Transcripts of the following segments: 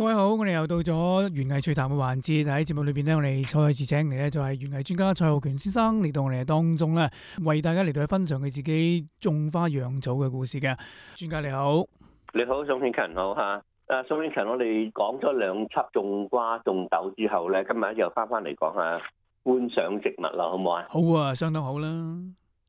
各位好，我哋又到咗園藝趣談嘅環節，喺節目裏邊咧，我哋再次請嚟咧就係園藝專家蔡浩權先生嚟到我哋當中咧，為大家嚟到分享佢自己種花養草嘅故事嘅。專家你好，你好，宋慶勤好吓。誒，宋慶勤，我哋講咗兩輯種瓜種豆之後咧，今日又返返嚟講下觀賞植物啦，好唔好啊？好啊，相當好啦。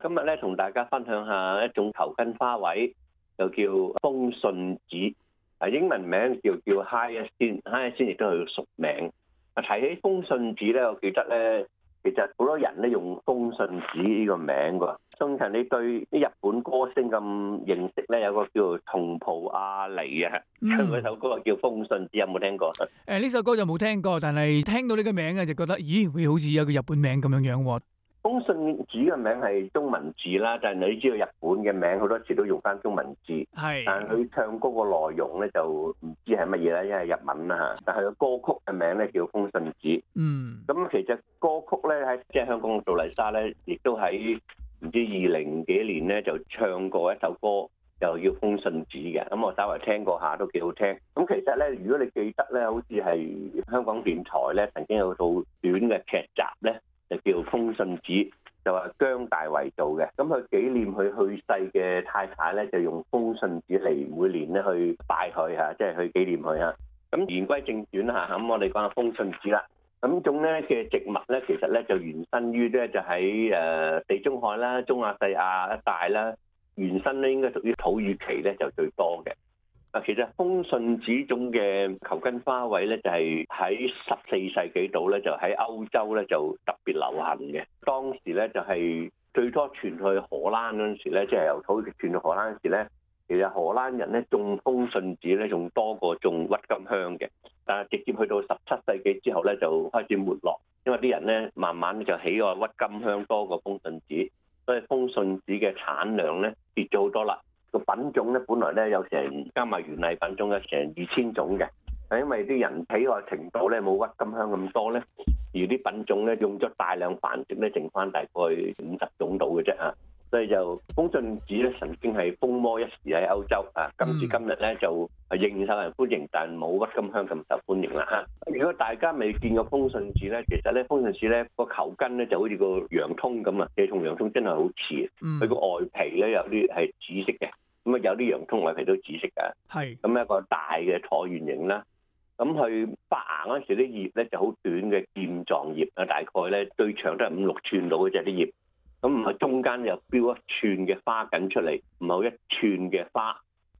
今日咧同大家分享下一種球根花卉，又叫風信子。啊，英文名叫叫 Hyacinth，Hyacinth 亦都係個俗名。啊，提起風信子咧，我記得咧，其實好多人咧用風信子呢個名喎。宋晨，你對啲日本歌星咁認識咧，有個叫做松浦亞彌啊，唱嗰、嗯、首歌叫《風信子》，有冇聽過？誒，呢首歌就冇聽過，但係聽到呢個名啊，就覺得咦，會好似有個日本名咁樣樣喎。風信子嘅名係中文字啦，但係你知道日本嘅名好多時都用翻中文字。係是，但係佢唱歌嘅內容咧就唔知係乜嘢啦，因為日文啦嚇。但係個歌曲嘅名咧叫《風信子》。嗯。咁其實歌曲咧喺即係香港杜麗莎咧，亦都喺唔知二零幾年咧就唱過一首歌，就叫《風信子》嘅。咁我稍微聽過下都幾好聽。咁其實咧，如果你記得咧，好似係香港電台咧，曾經有套短嘅劇集咧。就叫風信子，就話、是、姜大為做嘅，咁佢紀念佢去世嘅太太咧，就用、是、風信子嚟每年咧去拜佢吓，即係去紀念佢吓。咁言歸正傳吓，咁我哋講下風信子啦。咁種咧嘅植物咧，其實咧就原生於咧就喺誒地中海啦、中亞細亞一帶啦，原生咧應該屬於土耳其咧就最多嘅。嗱，其實風信子種嘅球根花卉咧，就係喺十四世紀度咧，就喺歐洲咧就特別流行嘅。當時咧就係最多傳去荷蘭嗰陣時咧，即係由土耳其傳到荷蘭時咧，其實荷蘭人咧種風信子咧仲多過種鬱金香嘅。但係直接去到十七世紀之後咧，就開始沒落，因為啲人咧慢慢就喜愛郁金香多過風信子，所以風信子嘅產量咧跌咗好多啦。個品種咧，本來咧有成加埋原嚟品種嘅成二千種嘅，係因為啲人喜好程度咧冇鬱金香咁多咧，而啲品種咧用咗大量繁殖咧，剩翻大概五十種度嘅啫啊！所以就風信子咧曾經係風靡一時喺歐洲啊，今時今日咧就係仍受人歡迎，但冇鬱金香咁受歡迎啦嚇。如果大家未見過風信子咧，其實咧風信子咧個球根咧就好似個洋葱咁啊，即係同洋葱真係好似。佢個外皮咧有啲係紫色嘅。有啲洋葱外皮都紫色嘅，係咁是一個大嘅橢圓形啦。咁佢發芽嗰陣時，啲葉咧就好短嘅劍狀葉啊，大概咧最長都係五六寸到嘅啫啲葉。咁喺中間又標一寸嘅花梗出嚟，唔係一寸嘅花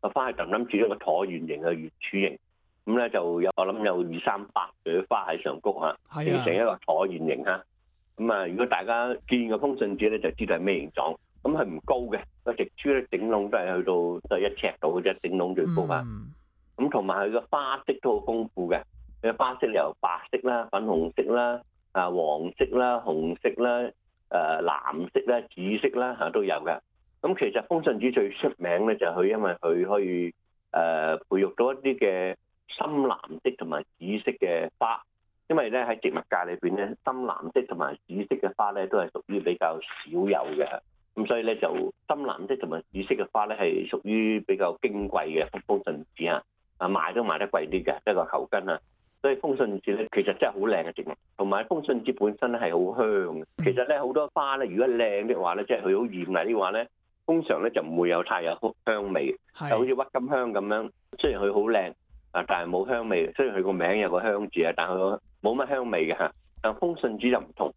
啊，花係就諗住一個橢圓形嘅圓柱形。咁咧就有我諗有二三百朵花喺上谷啊，形成一個橢圓形啊。咁啊，如果大家見個風信子咧，就知道係咩形狀。咁係唔高嘅，個植株咧頂櫳都係去到得一尺度嘅啫，頂櫳最高啊！咁同埋佢個花色都好豐富嘅，佢啲花色由白色啦、粉紅色啦、啊黃色啦、紅色啦、誒、呃、藍色啦、紫色啦嚇、呃、都有嘅。咁、嗯、其實風信子最出名咧就係佢，因為佢可以誒、呃、培育到一啲嘅深藍色同埋紫色嘅花，因為咧喺植物界裏邊咧深藍色同埋紫色嘅花咧都係屬於比較少有嘅。咁所以咧就深藍色同埋紫色嘅花咧係屬於比較矜貴嘅風信子啊，啊賣都賣得貴啲嘅，即係個球根啊。所以風信子咧其實真係好靚嘅植物，同埋風信子本身咧係好香。其實咧好多花咧，如果靚嘅話咧，即係佢好豔麗嘅話咧，通常咧就唔會有太有香味。是就好似鬱金香咁樣，雖然佢好靚啊，但係冇香味。雖然佢個名有個香字啊，但係佢冇乜香味嘅嚇。但風信子就唔同。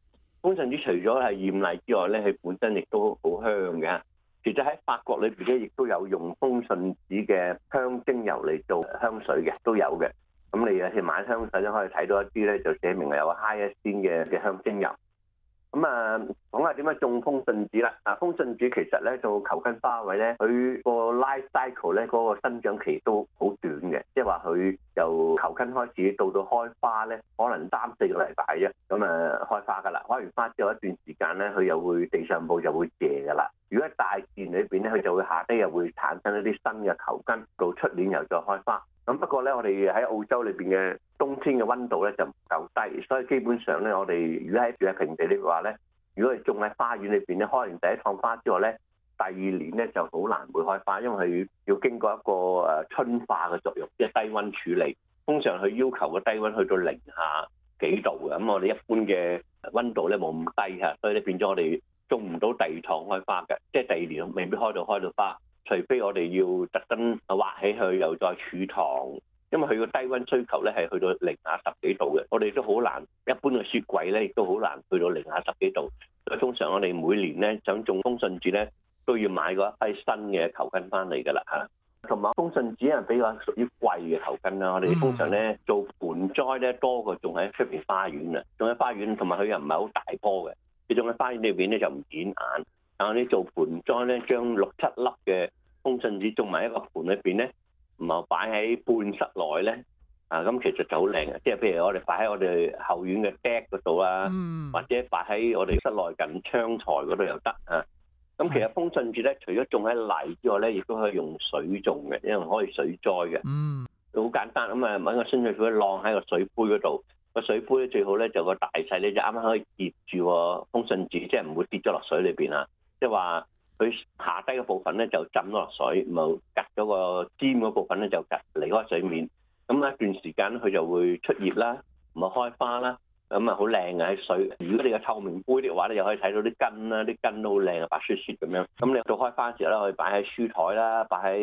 風信子除咗係豔麗之外咧，佢本身亦都好香嘅。其實喺法國裏邊咧，亦都有用風信子嘅香精油嚟做香水嘅，都有嘅。咁你有時買香水都可以睇到一啲咧，就寫明係有 high 先嘅嘅香精油。咁啊，講、嗯、下點樣種風信子啦。啊，風信子其實咧，做球根花卉咧，佢個 life cycle 咧，嗰個生長期都好短嘅，即係話佢由球根開始到到開花咧，可能三四個禮拜啫。咁啊，開花噶啦，開完花之後一段時間咧，佢又會地上部就會謝噶啦。如果喺大自然裏邊咧，佢就會下低又會產生一啲新嘅球根，到出年又再開花。咁不過咧，我哋喺澳洲裏邊嘅冬天嘅溫度咧就唔夠低，所以基本上咧，我哋如果喺住喺平地的話咧，如果係種喺花園裏邊咧，開完第一趟花之後咧，第二年咧就好難會開花，因為佢要經過一個誒春化嘅作用，即係低溫處理。通常佢要求嘅低溫去到零下幾度嘅，咁我哋一般嘅溫度咧冇咁低嚇，所以咧變咗我哋種唔到第二趟開花嘅，即係第二年未必開到開到花。除非我哋要特登挖起佢，又再儲藏，因為佢個低温需求咧係去到零下十幾度嘅，我哋都好難。一般嘅雪櫃咧亦都好難去到零下十幾度，所以通常我哋每年咧想種風信子咧，都要買過一批新嘅球根翻嚟㗎啦嚇。同埋風信子啊比較屬於貴嘅球根啦，我哋通常咧做盆栽咧多過種喺出邊花園啊，種喺花園，同埋佢又唔係好大棵嘅，你種喺花園裏邊咧就唔顯眼。然後，你做盆栽咧，將六七粒嘅風信子種埋一個盆裏邊咧，唔係擺喺半室內咧。啊，咁其實就好靚嘅，即係譬如我哋擺喺我哋後院嘅 deck 嗰度啦，嗯、或者擺喺我哋室內近窗台嗰度又得啊。咁其實風信子咧，除咗種喺泥之外咧，亦都可以用水種嘅，因為可以水栽嘅、嗯。嗯，好簡單咁啊！揾個風信子晾喺個水杯嗰度，個水杯咧最好咧就是、個大細咧就啱啱可以接住風信子，即係唔會跌咗落水裏邊啊。即係話，佢下低嘅部分咧就浸咗落水，冇隔咗個尖嗰部分咧就隔離開水面，咁一段時間佢就會出葉啦，唔係開花啦。咁啊，好靚嘅喺水。如果你有透明杯嘅話你又可以睇到啲根啦，啲根都好靚啊，白雪雪咁樣。咁你到開花時啦，可以擺喺書台啦，擺喺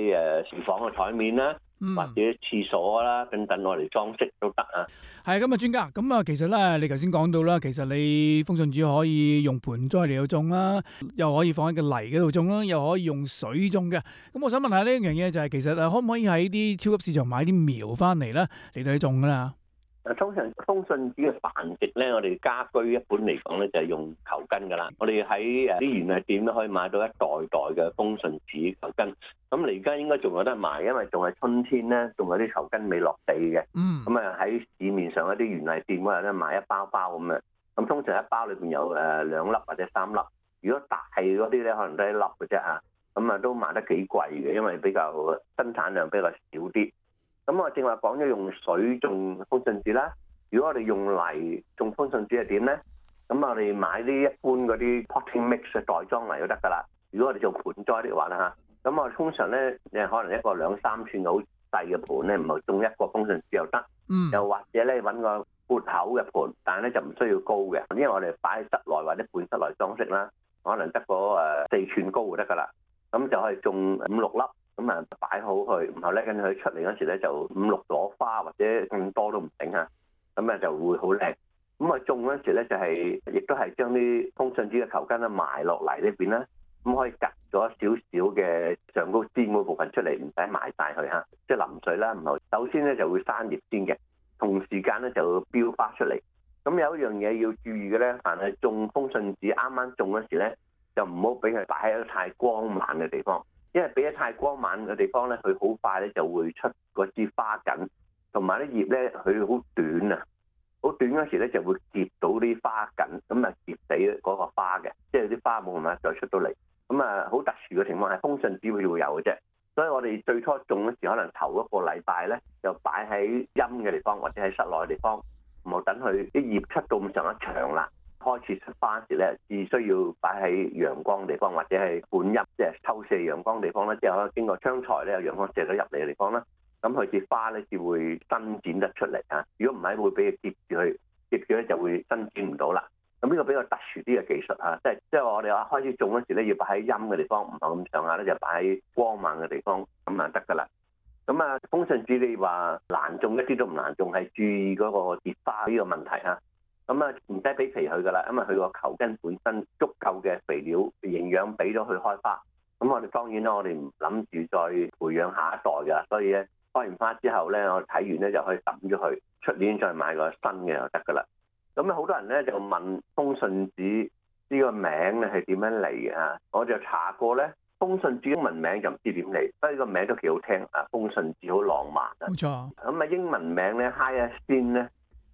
誒廚房嘅台面啦，或者廁所啦等等我哋裝飾都得啊。係咁啊，專家，咁、嗯、啊其實咧，你頭先講到啦，其實你風信子可以用盆栽嚟到種啦，又可以放喺個泥嗰度種啦，又可以用水種嘅。咁我想問下呢樣嘢就係、是，其實可唔可以喺啲超級市場買啲苗翻嚟咧你哋去種㗎啦？通常風信子嘅繁殖咧，我哋家居一般嚟講咧就係、是、用球根噶啦。我哋喺誒啲園藝店都可以買到一袋袋嘅風信子球根。咁你而家應該仲有得賣，因為仲係春天咧，仲有啲球根未落地嘅。嗯。咁啊，喺市面上一啲園藝店嗰度咧買一包包咁樣。咁通常一包裏邊有誒、呃、兩粒或者三粒。如果大啲咧，可能都係一粒嘅啫嚇。咁啊，都賣得幾貴嘅，因為比較生產量比較少啲。咁我正話講咗用水種風信子啦。如果我哋用泥種風信子係點咧？咁我哋買啲一般嗰啲 potting mix 嘅袋裝嚟就得㗎啦。如果我哋做盆栽的話啦嚇，咁我通常咧，你可能一個兩三寸好細嘅盆咧，唔係種一個風信子又得。又或者咧搵個闊口嘅盆，但係咧就唔需要高嘅，因為我哋擺喺室內或者半室內裝飾啦，可能得個誒四寸高就得㗎啦。咁就可以種五六粒。咁啊，擺好佢，然後搦跟佢出嚟嗰時咧，就五六朵花或者更多都唔頂啊！咁啊就會好靚。咁啊種嗰時咧，就係、是、亦都係將啲風信子嘅球根咧埋落嚟呢邊啦。咁可以掘咗少少嘅上高尖嗰部分出嚟，唔使埋晒佢嚇，即係淋水啦。然後首先咧就會生葉先嘅，同時間咧就會飆花出嚟。咁有一樣嘢要注意嘅咧，凡係種風信子，啱啱種嗰時咧，就唔好俾佢擺喺一個太光猛嘅地方。因為俾得太光猛嘅地方咧，佢好快咧就會出嗰支花梗，同埋啲葉咧佢好短啊，好短嗰時咧就會接到啲花梗，咁啊接死嗰個花嘅，即係啲花冇咁樣再出到嚟。咁啊，好特殊嘅情況係風信子會有嘅啫。所以我哋最初種嗰時，可能頭一個禮拜咧就擺喺陰嘅地方，或者喺室內嘅地方，唔好等佢啲葉出到咁上長啦。開始出花時咧，只需要擺喺陽光地方，或者係半陰，即係透射陽光地方咧，之後經過窗台咧，陽光射到入嚟嘅地方啦。咁佢啲花咧就會伸展得出嚟嚇。如果唔係，會俾佢接住去，接住咧就會伸展唔到啦。咁呢個比較特殊啲嘅技術啊。即係即係我哋話開始種嗰時咧，要擺喺陰嘅地方，唔係咁上下咧，就擺喺光猛嘅地方，咁啊得㗎啦。咁啊，風信子，你話難種一啲都唔難種，係注意嗰個葉花呢個問題嚇。咁啊，唔使俾肥佢噶啦，因為佢個球根本身足夠嘅肥料、營養俾咗佢開花。咁、嗯、我哋當然啦，我哋唔諗住再培養下一代噶啦。所以咧，開完花之後咧，我睇完咧就可以抌咗佢，出年再買個新嘅就得噶啦。咁、嗯、啊，好多人咧就問風信子呢個名咧係點樣嚟嘅啊？我就查過咧，風信子英文名就唔知點嚟，不過呢個名都幾好聽啊，風信子好浪漫。冇錯。咁啊、嗯，英文名咧 Hyacinth 咧。Hi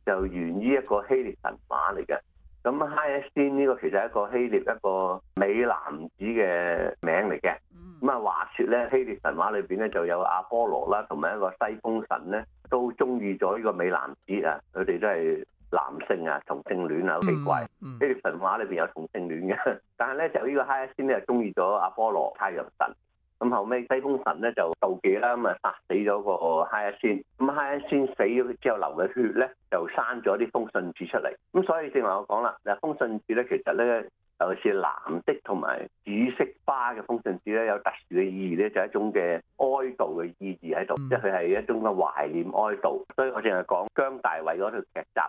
就源於一個希臘神話嚟嘅，咁 Hyacinth 呢個其實係一個希臘一個美男子嘅名嚟嘅。咁啊，話說咧希臘神話裏邊咧就有阿波羅啦，同埋一個西風神咧都中意咗呢個美男子啊，佢哋都係男性啊，同性戀啊，好奇怪！嗯嗯、希臘神話裏邊有同性戀嘅，但係咧就個哈呢個 Hyacinth 咧就中意咗阿波羅，太陽神。咁後尾西風神咧就妒忌啦，咁啊殺死咗個哈一仙。咁一仙死咗之後流嘅血咧，就生咗啲風信子出嚟。咁所以正話我講啦，嗱，風信子咧其實咧，尤其係藍色同埋紫色花嘅風信子咧，有特殊嘅意義咧，就係、是、一種嘅哀悼嘅意義喺度，嗯、即係佢係一種嘅懷念哀悼。所以我淨係講姜大衛嗰套劇集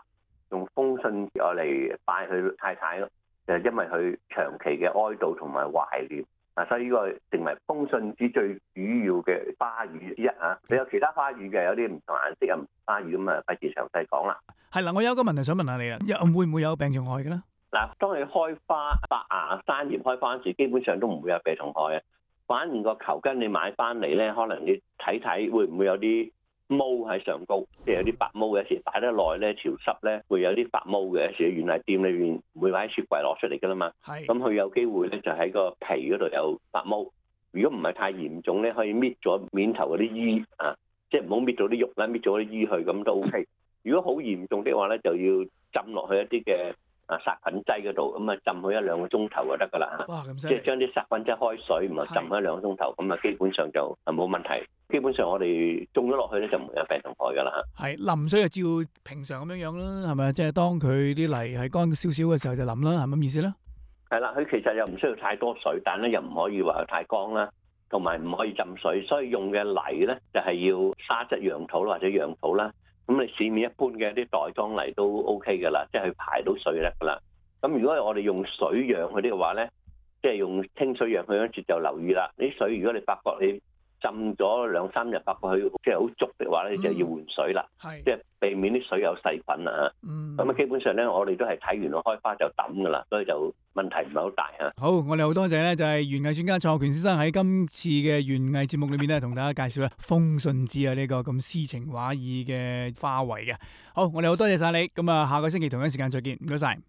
用風信子嚟拜佢太太咯，就係、因為佢長期嘅哀悼同埋懷念。嗱，所以呢個成為風信子最主要嘅花語之一嚇。你有其他花語嘅，有啲唔同顏色啊，花語咁啊，費事詳細講啦。係啦，我有一個問題想問下你啊，會唔會有病蟲害嘅咧？嗱，當你開花發芽生葉開花時，基本上都唔會有病蟲害嘅。反而個球根你買翻嚟咧，可能你睇睇會唔會有啲毛喺上高，即係有啲白毛嘅，有時擺得耐咧潮濕咧，會有啲白毛嘅。有時原來店裏邊唔會擺雪櫃攞出嚟噶啦嘛。係，咁佢有機會咧就喺個皮嗰度有白毛。如果唔係太嚴重咧，可以搣咗面頭嗰啲衣，啊，即係唔好搣咗啲肉啦，搣咗啲衣去咁都 O K。如果好嚴重的話咧，就要浸落去一啲嘅。啊殺菌劑嗰度，咁啊浸佢一兩個鐘頭就得噶啦，哇即係將啲殺菌劑開水，咁啊浸佢一兩個鐘頭，咁啊是基本上就啊冇問題。基本上我哋種咗落去咧，就唔會有病蟲害噶啦嚇。係淋水就照平常咁樣樣啦，係咪？即係當佢啲泥係乾少少嘅時候就淋啦，係咁意思啦。係啦，佢其實又唔需要太多水，但咧又唔可以話太乾啦，同埋唔可以浸水，所以用嘅泥咧就係要沙質壤土或者壤土啦。咁你市面一般嘅啲袋裝嚟都 OK 噶啦，即係排到水力噶啦。咁如果我哋用水養嗰啲嘅話咧，即係用清水養佢嗰陣時就留意啦。啲水如果你發覺你浸咗兩三日，不過佢即係好濁嘅話咧，就要換水啦，即係、嗯、避免啲水有細菌啊嚇。咁啊、嗯，基本上咧，我哋都係睇完我開花就抌噶啦，所以就問題唔係好大嚇、這個。好，我哋好多謝咧，就係園藝專家蔡浩權先生喺今次嘅園藝節目裏面咧，同大家介紹啊，風信子啊，呢個咁詩情畫意嘅花卉嘅。好，我哋好多謝晒你，咁啊，下個星期同一時間再見，唔該晒。